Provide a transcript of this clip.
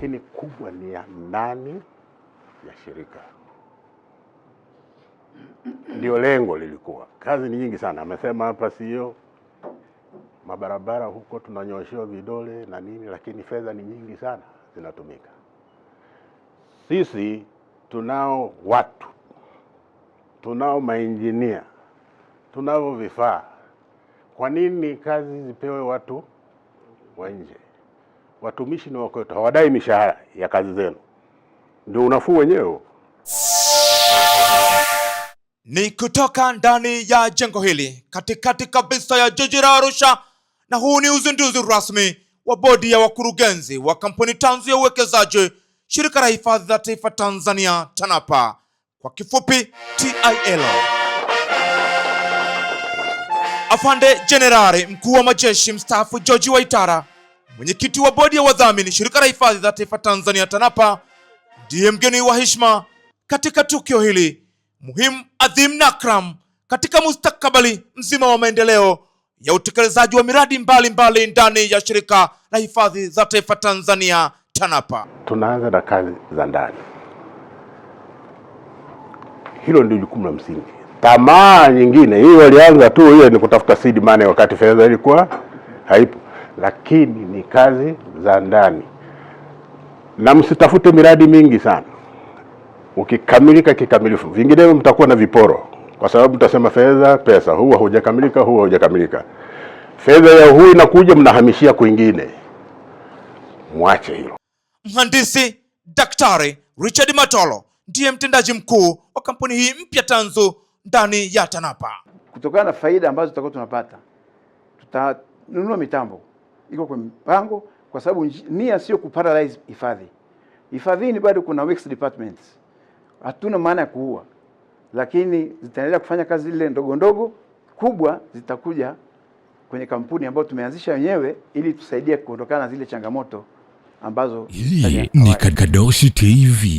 lakini kubwa ni ya ndani ya shirika. Ndio lengo lilikuwa. Kazi ni nyingi sana, amesema hapa CEO, mabarabara huko tunanyoshewa vidole na nini, lakini fedha ni nyingi sana zinatumika. Sisi tunao watu, tunao mainjinia, tunavyo vifaa. Kwa nini kazi zipewe watu wa nje? watumishi na wakwetu hawadai mishahara ya kazi zenu, ndio unafuu wenyewe. Ni kutoka ndani ya jengo hili katikati kabisa ya jiji la Arusha, na huu ni uzinduzi rasmi wa bodi ya wakurugenzi wa kampuni tanzu ya uwekezaji, shirika la hifadhi za taifa Tanzania TANAPA, kwa kifupi TIL. Afande Jenerali mkuu wa majeshi mstaafu George Waitara Mwenyekiti wa bodi ya wadhamini shirika la hifadhi za taifa Tanzania TANAPA ndiye mgeni wa heshima katika tukio hili muhimu, adhim na akram katika mustakabali mzima wa maendeleo ya utekelezaji wa miradi mbalimbali mbali ndani ya shirika la hifadhi za taifa Tanzania TANAPA. Tunaanza na kazi za ndani, hilo ndio jukumu la msingi. Tamaa nyingine hii walianza tu, hiyo ni kutafuta seed money wakati fedha ilikuwa haipo lakini ni kazi za ndani, na msitafute miradi mingi sana ukikamilika kikamilifu, vinginevyo mtakuwa na viporo, kwa sababu mtasema fedha pesa, huwa hujakamilika, huwa hujakamilika. Fedha ya huu inakuja, mnahamishia kwingine. Mwache hilo. Mhandisi Daktari Richard Matolo ndiye mtendaji mkuu wa kampuni hii mpya tanzu ndani ya TANAPA. Kutokana na faida ambazo tutakuwa tunapata, tutanunua mitambo iko kwenye mpango, kwa sababu nia sio kuparalyze hifadhi. Hifadhini bado kuna works departments, hatuna maana ya kuua, lakini zitaendelea kufanya kazi ile ndogo ndogo, kubwa zitakuja kwenye kampuni ambayo tumeanzisha wenyewe ili tusaidie kuondokana na zile changamoto ambazo. Hii ni Kadoshi TV.